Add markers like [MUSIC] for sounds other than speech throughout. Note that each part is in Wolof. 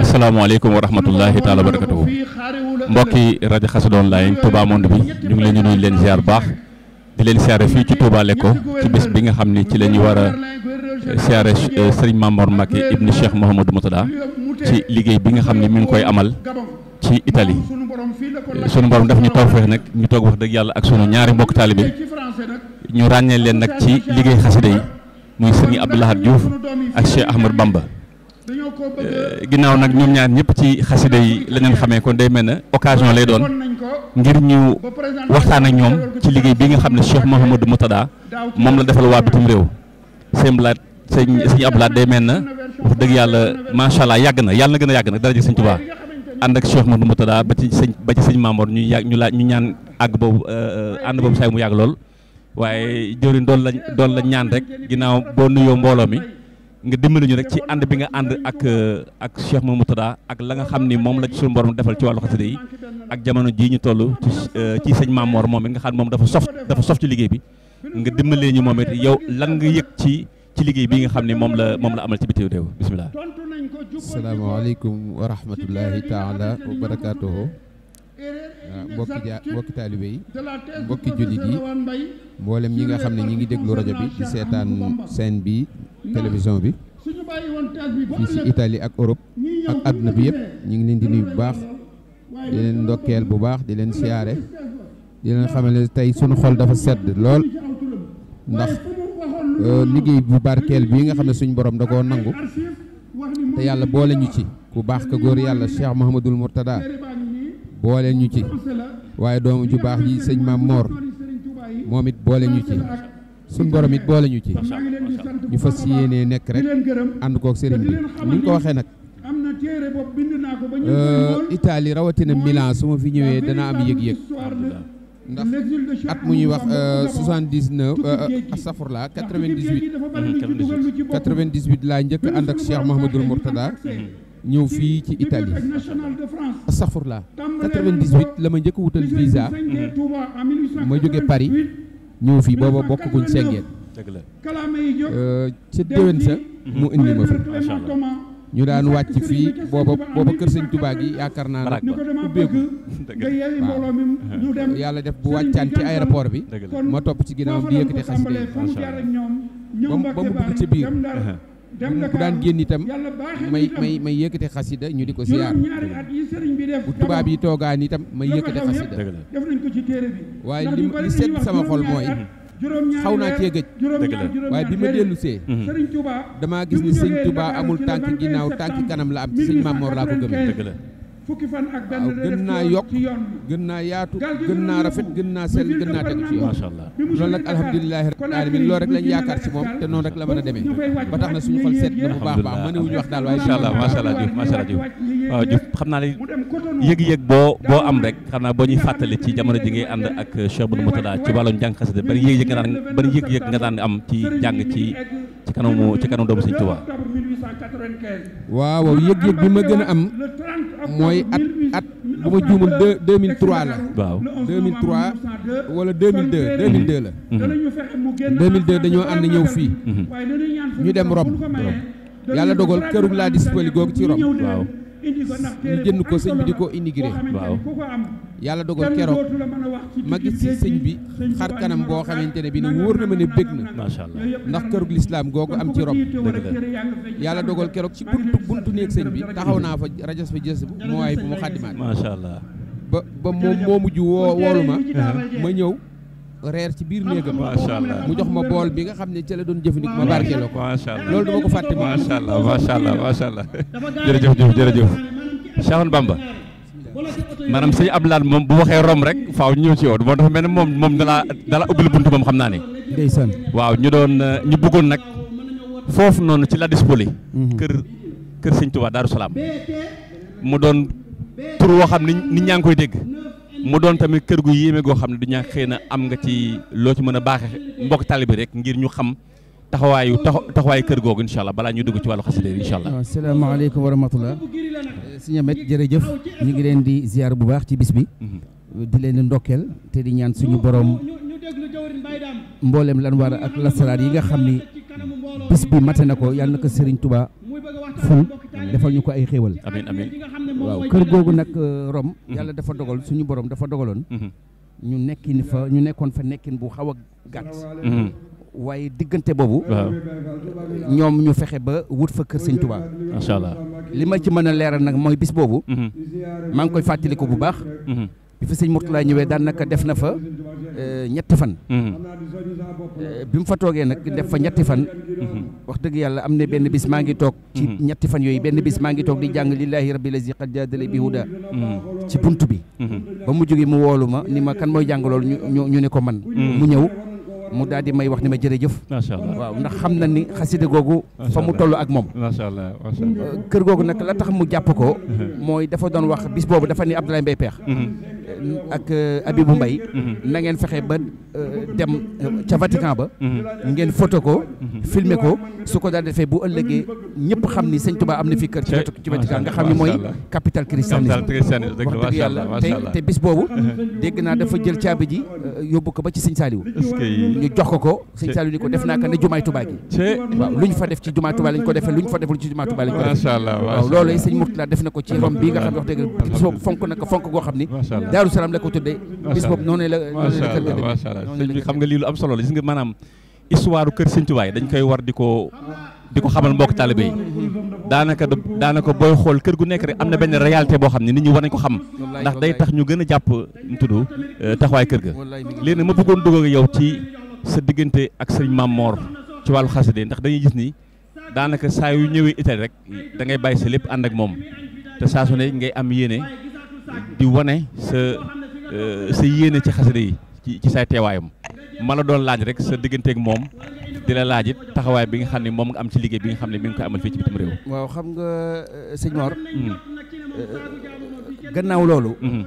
asalaamaaleykum wa rahmatullahi taala wa barakatuhu mbokki rajo Xassida online Touba Monde bi ñu ngi leen di nuyu leen ziar baax di leen siyaare fii ci Touba Lekko ci bés bi nga xam ni ci la ñu war a siyaare eh, eh, Serigne Mamor Mbacké ibni Cheikh Mouhamadou Moutada ci liggéey bi nga xam ni mi ngi koy amal ci Italie eh, sunu borom daf ñu tawfeex nag ñu toog wax dëgg yàlla ak sunu ñaari mbokk taalibee ñu ràññee leen nag ci liggéey xasida yi muy Serigne Abdoulahad Diouf ak Cheikh Bamba Eh, ginnaaw nag ñoom ñaar ñëpp ci xasida yi la leen kon day mel na occasion lay doon ngir ñu waxtaan ak ñoom ci liggéey bi nga xam ne si Cheikh Mouhamadou Moutada moom la defal waa bitim réew sëñ Blaat sëñ sëñ Ablaat day mel na wax dëgg yàlla macha allah yàgg na yàlla na gën a yàgg nag dara ji sëñ Tuubaa ànd ak ma Mouhamadou Moutada ba ci sëñ ba ci sëñ Maamoor ñu yàgg ñu laaj ñu ñaan àgg boobu euh, euh, ànd boobu saay mu yàgg lool waaye jëriñ doon la doon la ñaan rek ginnaaw boo nuyoo mbooloo mi nga dimbali ñu rek ci ànd bi nga ànd ak euh, ak Cheikh Moutada ak la nga xam ni moom la ci suñu borom defal ci wàllu xasida yi ak jamono jii ñu toll ci euh, sëñ Mamor moom it nga xam moom dafa sof dafa sof ci liggéey bi nga dimbalee ñu moom yow lan nga ci ci liggéey bi nga xam ne moom la moom la amal ci bitim réew bisimilah. salaamaaleykum wa rahmatullahi taala wa barakaatuhu. mbokki euh, ja mbokki taalibe yi mbokki jullit yi mboolem ñi nga xam ne ñi ngi déglu rajo bi ci seetaan scène bi télévision bi fii si ak Europe ak àdduna bi yëpp ñu ngi leen di nuyu bu baax di leen bu baax di leen siyaare di leen ne tey sunu xol dafa sedd lool ndax euh, liggéey bu barkeel bii nga xam ne suñu borom da koo nangu te yàlla boole ñu ci ku baax ka góor yàlla Cheikh Mouhamadoul Mourtada boole ñu ci waaye doomu ju baax ji sëñ Maam Moor moom it boole ñu ci suñ borom it boole ñu ci ñu fas yéenee nekk rek ànd koog sëriñ bi ni ko waxee nag euh, Italie rawatina Milan su ma fi ñëwee dana am yëg-yëg ndax at mu ñuy wax euh, soixante-dix-neuf euh, safurla quatre-vingt-dix-huit quatre-vingt-dix-huit laa njëkk ànd ak Cheikh Mouhamadoul Mourtada ñëw fii ci Italie astaghfirullah 98 la ma njëkk wutal visa mhm. ma jóge Paris ñëw fii booba bokk guñ sengeen euh, ca déwén sa mu indi ma fi ñu daan wàcc fii booba booba kër sëñ tubaa gi yaakaar naa nag ubbeeku waaw yàlla def bu wàccaan ci aéroport bi ma topp ci ginnaawam di yëkkati xasida ba mu dugg ci biir bu daan génn itam may may may yëkkate xasida ñu di ko siyaar bu tubaab yi toogaan itam may yëkkate xasida waaye li li set sama xol mooy xaw naa cee gëj waaye bi ma dellu see damaa gis ni sëñ tubaa amul tànk ginnaaw tànk kanam la am ci sëñ laa ko gëmee fukki waaw gën naa yokk gën naa yaatu gën naa rafet gën naa sell gën naa tegu ci yoon macha allah loolu nag alhamdulilahi rabbil alamin loolu rek lañ yaakaar ci moom te noonu rek la mën a demee ba tax na suñu xol seet na bu baax baax mën wuñu wax daal waaye macha allah macha allah Diouf macha allah Diouf waaw xam naa ne yëg-yëg boo boo am rek xam naa boo ñuy fàttali ci jamono ji ngay ànd ak Cheikh Bouna Moutada ci wàllum jàng xasida ban yëg-yëg nga daan ban yëg-yëg nga daan am ci jàng ci ci kanamu ci kanamu doomu Sëñ Tuubaa waaw waaw yëg-yëg bi ma gën a am mooy at at bu ma juumul deux deux mille trois la. waaw deux mille trois wala deux mille deux deux mille deux la. deux mille deux dañoo ànd ñëw fii. ñu dem Rome. Rome yàlla dogal këru laa di dispali googu ci Rome ñu jënd ko sëñ bi di ko immigré waaw yàlla dogal keroog ma gis sëñ bi xar kanam boo xamante ne bi ne wóor na ma ne bég na macha ndax kërug lislaam googu am ci rob yàlla dogal keroog ci buntu buntu néeg sëñ bi taxaw naa fa rajas fa jës moowaay bu mu xaddimaat macha allah ba ba moom moo mujj woo woolu ma ma ñëw reer ci biir néegam macha allah mu jox ma bool bi nga xam ne ca la doon jëfandikoo ma barkeeloo ko macha allah loolu dama ko fàtte ma macha allah macha allah macha allah jërëjëf jëf jërëjëf Cheikhoun Bamba maanaam sëñ moom bu waxee rom rek faaw ñëw ci oo moo dafa mel ne moom moom dala dala ubbil bunt moom xam naa ne ndeysaan waaw ñu doon ñu bëggoon nag foofu noonu ci la dispoli mhm. kër kër sëñ Touba Salaam mu doon tur woo xam ne nit ñaa ngi koy dégg mu doon tamit kër gu yéeme goo xam ne du ñàkk xëy na am nga ci loo ci mën a baaxe mbokk bi rek ngir ñu xam taxawaayu taxawaayu kër googu incha balaa ñu dugg ci wàllu xasida yi incha allah. waaw salaamaaleykum wa rahmatulah. Eh, sëñ Amet jërëjëf ñu ngi leen di ziar bu baax ci bis bi. Mhm. di leen di ndokkeel te di ñaan suñu boroom mboolem lan war ak lasaraar yi nga xam ni bis bi mate na ko yàlla na ko Serigne Touba ful defal ñu ko ay xéewal. amiin amiin waaw kër googu nag euh, Rome mhm. yàlla dafa dogal mhm. suñu borom dafa dogaloon mhm. ñu nekkin fa ñu nekkoon fa nekkin bu xaw a gàtt waaye diggante boobu ñoom ñu fexe ba wut fa kër sëñ Tuubaa macha li ma ci mën a leeral nag mooy bis boobu maa ngi koy fàttaliku bu baax bi fi sëñ Mourtala ñëwee daanaka def na fa Euh, ñetti fan. Hmm. Euh, bi mu fa toogee nag def fa ñetti fan. Hmm. wax dëgg yàlla am na benn bis maa ngi toog. ci hmm. ñetti fan yooyu benn bis maa ngi toog di jàng lillahi rabbil lazi qad jaadala bi huda ci bunt bi. ba mu jógee mu woolu ma ni ma kan mooy jàng loolu ñu ñu ne ko man. mu ñëw. mu daal di may wax ni ma jërëjëf. macha allah waaw ndax xam na ni xasida googu. fa mu toll ak moom. macha allah macha euh, kër googu nag la tax mu jàpp ko. mooy dafa doon wax bis boobu dafa ni Abdoulaye Mbaye Peex. ak euh, Abibou Mbaye mhm. na fexe ba euh, dem euh, ca Vatican ba mhm. ngeen photo ko mhm. filmer ko su ko daal defee bu ëllëgee ñëpp xam ni sëñ Touba am na fi kër ci Vatican nga xam ni mooy capital christianisme wax dëgg yàlla tey te bis boobu waaw lu ñu fa def def na ko ci rom bi nga xam ne wax dëgg fonk na fonk goo xam ni daaru salaam la ko tuddee. bis boobu noonu la noonu la la macha allah sëñ bi xam nga lii lu am solo la gis nga maanaam histoire kër sëñ Tuubaa dañ koy war di ko di ko xamal mbokk taalibe yi daanaka daanaka booy xool kër gu nekk rek am na benn réalité boo xam ne nit ñi war nañ ko xam ndax day tax ñu gën a jàpp ñu tudd euh, taxawaay kër ga léegi nag ma bëggoon dugg ak yow ci sa diggante ak sëñ Maam Moor ci wàllu xasida ndax dañuy gis ni daanaka saa yu ñëwee Italie rek da ngay bàyyi sa lépp ànd ak moom te saa su ne ngay am yéene di wane sa euh, sa yéene ci xasida yi ci ci say teewaayam ma la doon laaj rek sa digganteek moom di la laajit taxawaay bi nga xam ne moom nga am ci liggéey bi nga xam ne mi ngi koy amal fii ci bitim réew. waaw xam nga euh, sëñ Mor. Hmm. Euh, gannaaw loolu. Hmm.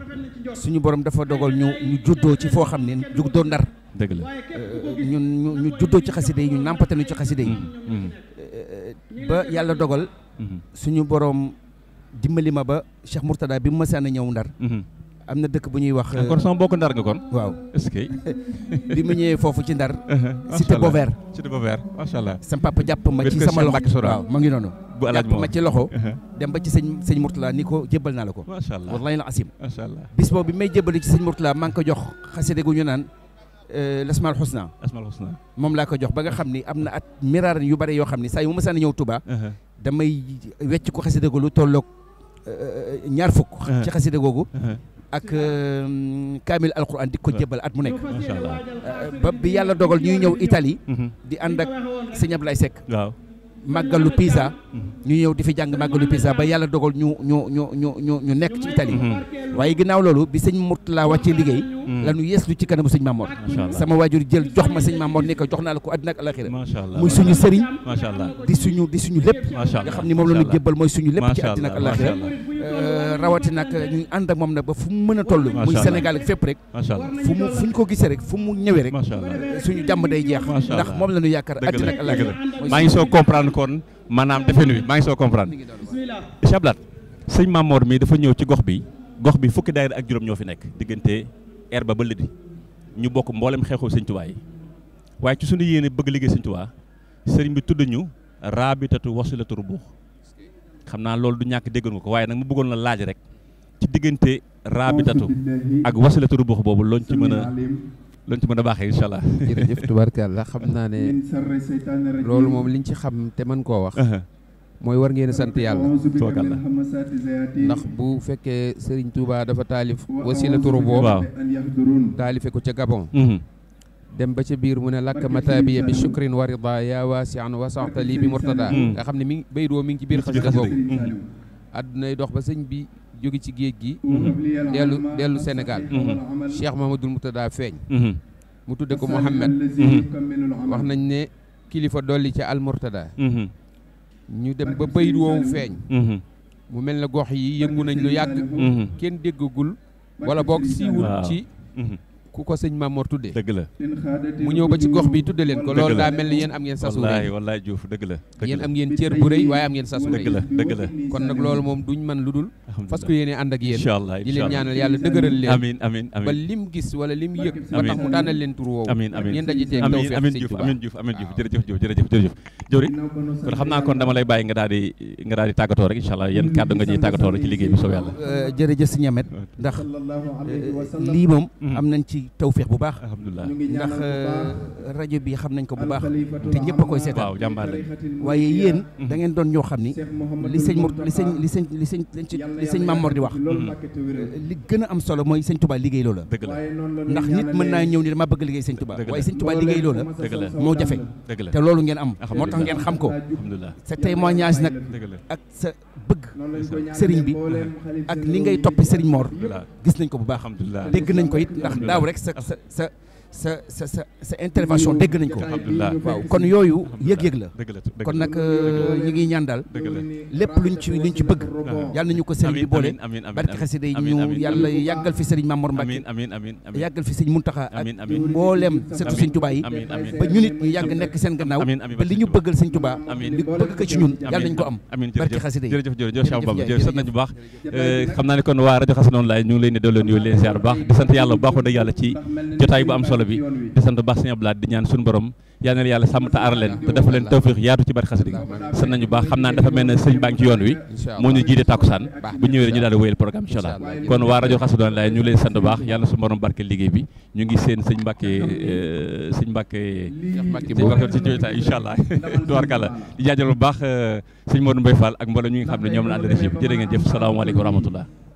suñu boroom dafa dogal ñu ñu juddoo ci foo xam ne juddoo ndar. dëgg la ñun ñu juddoo ci xasida yi ñu nàmpatanu ci xasida yi. Hmm. ba yàlla dogal. suñu borom. dimbali ma ba Cheikh Mourtada bi mu ma sànni ñëw ndar. Mhm. am na dëkk bu ñuy wax. encore sama mbokk ndar nga kon. Euh, waaw est-ce que. [LAUGHS] bi mu ñëwee foofu ci ndar. [LAUGHS] cité Bover. cité Bover macha allah. sama papa jàpp ma ci sama loxo waaw ngi noonu. bu alaaj jàpp ma ci loxo. Uh-huh. dem ba ci sëñ sëñ Mourtala ni ko jébbal naa la ko. macha allah wallahi la asim. macha allah bis boobu bi may jébbali ci sëñ Mourtala maa ngi ko jox xaside gu ñu naan. Euh, Lasmaal Xusna. Lasmaal Xusna moom laa ko jox ba nga xam ni am na at miraar yu bari yoo xam ni saa yu ma saan ñëw Touba. Uh-huh. damay wecc ko xaside gu lu tolloog ñaar fukk ci uh-huh. xasida googu uh-huh. ak um, kaamil alquran di ko uh-huh. jébal at mu nekk uh, ba bi yàlla dogal ñuy ñëw Italie di ànd ak sëñ Ablaye Seck màggalu Pisa ñu ñëw di fi jàng màggalu Pisa ba yàlla dogal ñu ñu ñu ñu ñu ñu nekk ci Italie mhm. waaye ginnaaw loolu bi sëñ Mourtala wàccee liggéey mhm. la ñu yees lu ci kanamu sëñ Mamoor sama waajur jël jox ma sëñ Mamoor ne ko jox naa la ko àddina ak alaxira muy suñu sëriñ di suñu di suñu lépp nga xam ne moom la jébbal mooy suñu lépp ci àddina ak alaxira Euh, rawati nag ñu ànd ak moom nag ba fu mu mën a toll muy Sénégal ak fépp rek fu mu fu ñu ko gisee rek fu mu ñëwee rek suñu jàmm day jeex ndax moom la ñu yaakaar àddina ak àllaaxira maa ngi soo comprendre kon maanaam defe nu maa ngi soo comprendre Chablat sëñ Mamor mii dafa ñëw ci gox bi gox bi fukki daayira ak juróom ñoo fi nekk diggante air ba ba lëdi ñu bokk mboolem xeexoo sëñ Tuubaa waaye ci suñu yéene bëgg liggéey sëñ Tuubaa sëriñ bi tudd ñu raabitatu wasilatu rubuux xam naa loolu du ñàkk déggoon nga ko waaye nag mu bëggoon la laaj rek ci diggante raabitatu ak wasilatu rubux boobu loolu ci mën a loolu ci mën a baax baaxee incha allah. jërëjëf la xam naa ne loolu moom liñ ci xam te man koo wax. Uh-huh. mooy war ngeen sant yàlla. ndax bu fekkee Serigne Touba dafa taalif. wasilatu rubux waaw taalife ko ca Gabon. Uh-huh. dem ba ca biir mu ne lakk mataabiya bi shukrin wa rida yaa waasian wasanta lii bi murtada mm. nga xam ne mi ngi bayit woo mi ngi ci biir xasida googu addunay mm-hmm. dox ba sëñ bi jóge ci géej gi mm-hmm. dellu dellu Sénégal mm-hmm. Cheikh Mahamadul Murtada feeñ mu tudde ko Mouhamed wax nañ ne kilifa dolli ca al murtada ñu dem ba bayit woowu feeñ mu mel na gox yi yëngu nañ lu yàgg kenn déggagul wala boog siiwul ci ku ko sëñ Mamor tuddee dëgg la mu ñëw ba ci gox bi tudde leen ko loolu daa mel ni yéen am ngeen sasu rëy waaye am ngeen sasu rëy kon nag loolu moom duñ man lu dul fas ko ànd ak yéen di ñaanal yàlla dëgëral leen ba lim gis wala lim yëg ba tax mu tànnal leen tur woowu amiin amiin daje teeg tawfeex amiin Diouf amiin Diouf amiin Diouf jërëjëf si ñamet ndax eh, lii moom mm-hmm. am nañ ci ci bu baax. ndax euh, rajo bi xam nañ ko bu baax te ñëpp a koy seetaan. waaw jàmbaar lañ waaye yéen da ngeen doon ñoo xam ni li sëñ Mor li sëñ li sëñ li sëñ li sëñ Maam Mor di wax. Euh, li gën a am solo mooy sëñ Touba liggéey loola. la ndax nit mën naa ñëw ni dama bëgg liggéey sëñ Touba waaye sëñ Touba liggéey loola. moo jafe. te loolu ngeen am. moo tax ngeen xam ko. sa témoignage nag ak sa bëgg sëriñ bi ak li ngay toppi sëriñ Mor gis nañ ko bu baax dégg nañ ko ndax daaw rek rek sa sa sa sa sa sa sa intervention dégg nañ ko. waaw kon yooyu yëg-yëg la. kon nag euh, ñu ngi ñaan daal. lépp luñ ci luñ ci bëgg. yàlla nañu ko sëriñ bi boole. amiin amiin barke xasida yi ñu yàlla yàggal fi sëriñ Mamour Mbacke. yàggal fi sëriñ Muntaxa ak mboolem surtout sëriñ Touba yi. ba ñu nit ñu yàgg nekk seen gannaaw. ba li ñu bëggal sëriñ Touba. bëgg ko ci ñun yàlla nañu ko am. barke xasida yi jërëjëf jërëjëf Cheikh Bamba jërëjëf sant nañu bu baax xam yàlla bu baax yàlla ci jotaay bu am bi di sant baax sëñ Abdoulaye di ñaan suñu borom yal na yàlla sàmm te aar leen te dafa leen tawfiix yaatu ci bari xasida gi sant nañu baax xam naa dafa mel ne sëñ baa ngi ci yoon wi moo ñu jiite tàkkusaan bu ñëwee ñu daal di wéyal programme allah kon waa rajo Xassida Online ñu leen sant baax yàlla suñu borom barke liggéey bi ñu ngi seen sëñ Mbàkke sëñ Mbàkke sëñ Mbàkke ci joyta incha allah [LAUGHS] tubaarkàlla di jaajëfal bu baax euh, sëñ Modou Mbaye Fall ak mboolem ñu ngi xam ñoom la ànd def yëpp jërë